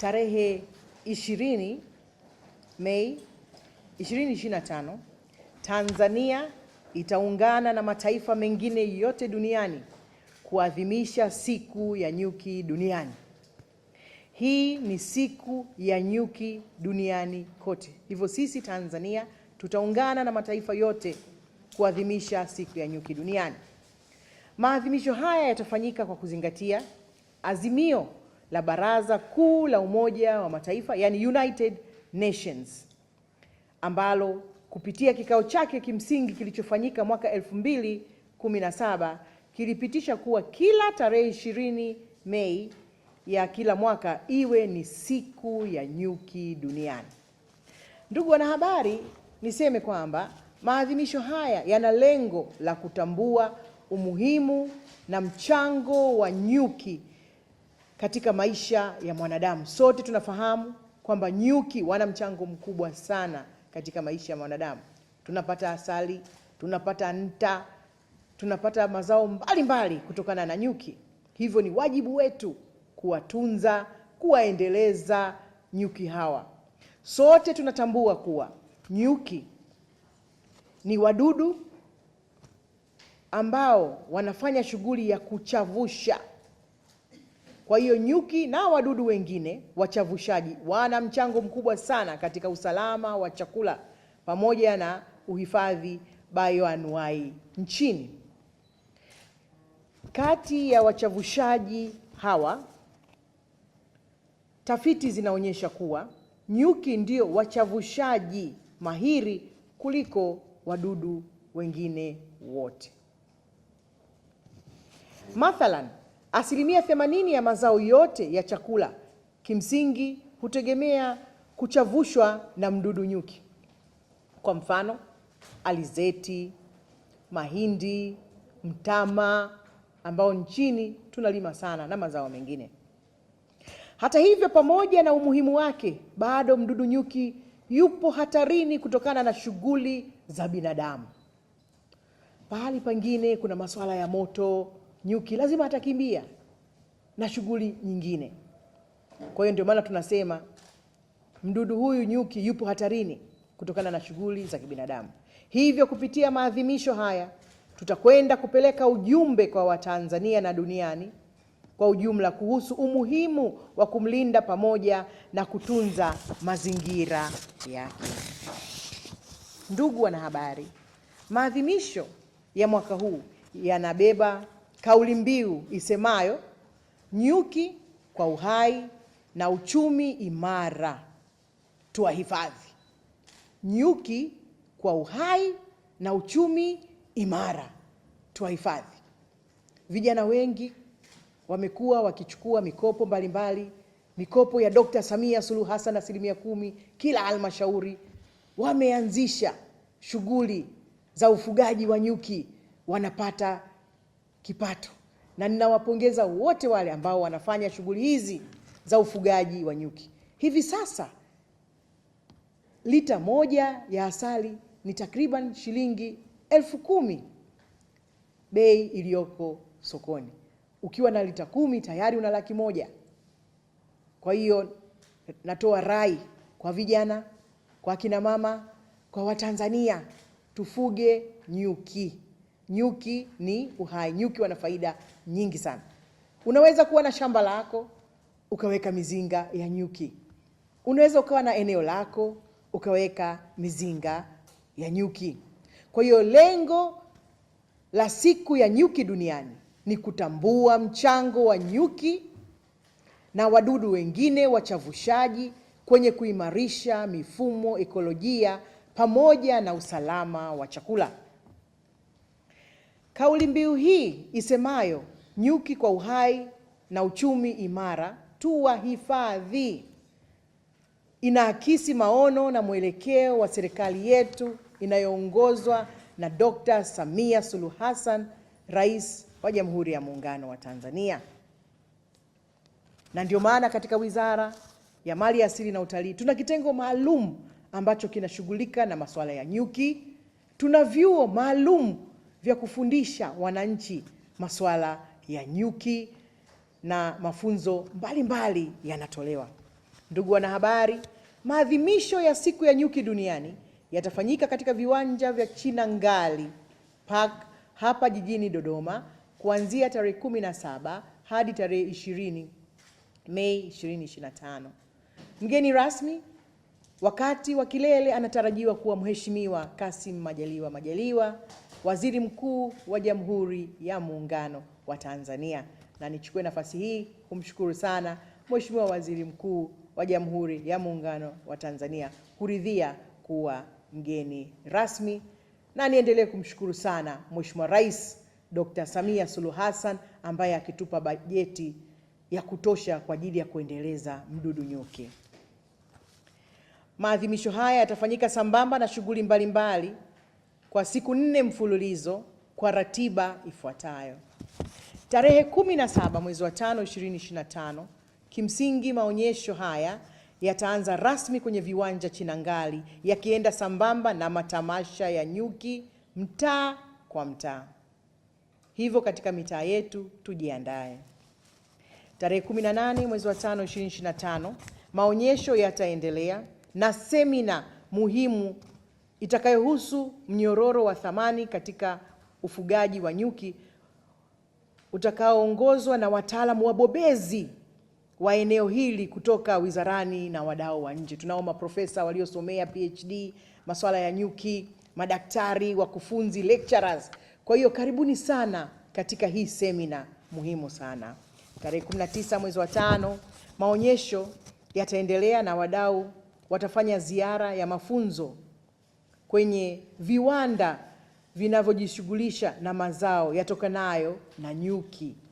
tarehe 20 Mei 2025 Tanzania itaungana na mataifa mengine yote duniani kuadhimisha siku ya nyuki duniani. Hii ni siku ya nyuki duniani kote, hivyo sisi Tanzania tutaungana na mataifa yote kuadhimisha siku ya nyuki duniani. Maadhimisho haya yatafanyika kwa kuzingatia azimio la Baraza Kuu la Umoja wa Mataifa, yani United Nations, ambalo kupitia kikao chake kimsingi kilichofanyika mwaka 2017 kilipitisha kuwa kila tarehe ishirini Mei ya kila mwaka iwe ni siku ya nyuki duniani. Ndugu wanahabari, niseme kwamba maadhimisho haya yana lengo la kutambua umuhimu na mchango wa nyuki katika maisha ya mwanadamu. Sote tunafahamu kwamba nyuki wana mchango mkubwa sana katika maisha ya mwanadamu. Tunapata asali, tunapata nta, tunapata mazao mbalimbali mbali kutokana na nyuki. Hivyo ni wajibu wetu kuwatunza, kuwaendeleza nyuki hawa. Sote tunatambua kuwa nyuki ni wadudu ambao wanafanya shughuli ya kuchavusha kwa hiyo nyuki na wadudu wengine wachavushaji wana mchango mkubwa sana katika usalama wa chakula pamoja na uhifadhi bayoanuai nchini. Kati ya wachavushaji hawa, tafiti zinaonyesha kuwa nyuki ndio wachavushaji mahiri kuliko wadudu wengine wote. Mathalan, Asilimia 80 ya mazao yote ya chakula kimsingi hutegemea kuchavushwa na mdudu nyuki. Kwa mfano, alizeti, mahindi, mtama ambao nchini tunalima sana na mazao mengine. Hata hivyo, pamoja na umuhimu wake, bado mdudu nyuki yupo hatarini kutokana na shughuli za binadamu. Pahali pengine kuna masuala ya moto nyuki lazima atakimbia na shughuli nyingine. Kwa hiyo ndio maana tunasema mdudu huyu nyuki yupo hatarini kutokana na shughuli za kibinadamu. Hivyo kupitia maadhimisho haya tutakwenda kupeleka ujumbe kwa Watanzania na duniani kwa ujumla kuhusu umuhimu wa kumlinda pamoja na kutunza mazingira yake. Ndugu wanahabari, maadhimisho ya mwaka huu yanabeba kauli mbiu isemayo nyuki kwa uhai na uchumi imara, tuwahifadhi. Nyuki kwa uhai na uchumi imara, tuwahifadhi. Vijana wengi wamekuwa wakichukua mikopo mbalimbali mbali, mikopo ya Dkt. Samia Suluhu Hassan asilimia kumi kila halmashauri. Wameanzisha shughuli za ufugaji wa nyuki, wanapata kipato, na ninawapongeza wote wale ambao wanafanya shughuli hizi za ufugaji wa nyuki. Hivi sasa lita moja ya asali ni takriban shilingi elfu kumi bei iliyoko sokoni. Ukiwa na lita kumi tayari una laki moja. Kwa hiyo natoa rai kwa vijana, kwa kina mama, kwa Watanzania tufuge nyuki. Nyuki ni uhai, nyuki wana faida nyingi sana. Unaweza kuwa na shamba lako ukaweka mizinga ya nyuki, unaweza ukawa na eneo lako ukaweka mizinga ya nyuki. Kwa hiyo lengo la siku ya nyuki duniani ni kutambua mchango wa nyuki na wadudu wengine wachavushaji kwenye kuimarisha mifumo ekolojia pamoja na usalama wa chakula. Kauli mbiu hii isemayo nyuki kwa uhai na uchumi imara tuwahifadhi, inaakisi maono na mwelekeo wa serikali yetu inayoongozwa na Dkt. Samia Suluhu Hassan, Rais wa Jamhuri ya Muungano wa Tanzania. Na ndio maana katika Wizara ya Mali Asili na Utalii tuna kitengo maalum ambacho kinashughulika na masuala ya nyuki. Tuna vyuo maalum vya kufundisha wananchi masuala ya nyuki na mafunzo mbalimbali yanatolewa. Ndugu wanahabari, maadhimisho ya siku ya nyuki duniani yatafanyika katika viwanja vya Chinangali Park hapa jijini Dodoma kuanzia tarehe saba hadi tarehe 20 Mei 2025. Mgeni rasmi wakati wa kilele anatarajiwa kuwa Mheshimiwa Kassim Majaliwa Majaliwa Waziri Mkuu wa Jamhuri ya Muungano wa Tanzania. Na nichukue nafasi hii kumshukuru sana Mheshimiwa Waziri Mkuu wa Jamhuri ya Muungano wa Tanzania kuridhia kuwa mgeni rasmi, na niendelee kumshukuru sana Mheshimiwa Rais Dr. Samia Suluhu Hassan ambaye akitupa bajeti ya kutosha kwa ajili ya kuendeleza mdudu nyuki. Maadhimisho haya yatafanyika sambamba na shughuli mbalimbali kwa siku nne mfululizo kwa ratiba ifuatayo: tarehe 17 mwezi wa 5 2025, kimsingi maonyesho haya yataanza rasmi kwenye viwanja Chinangali yakienda sambamba na matamasha ya nyuki mtaa kwa mtaa. Hivyo katika mitaa yetu tujiandae. Tarehe 18 mwezi wa 5 2025, maonyesho yataendelea na semina muhimu itakayohusu mnyororo wa thamani katika ufugaji wa nyuki utakaoongozwa na wataalamu wabobezi wa eneo hili kutoka wizarani na wadau wa nje. Tunao maprofesa waliosomea PhD masuala ya nyuki, madaktari, wakufunzi, lecturers. Kwa hiyo karibuni sana katika hii semina muhimu sana. Tarehe 19 mwezi wa tano, maonyesho yataendelea na wadau watafanya ziara ya mafunzo kwenye viwanda vinavyojishughulisha na mazao yatokanayo na nyuki.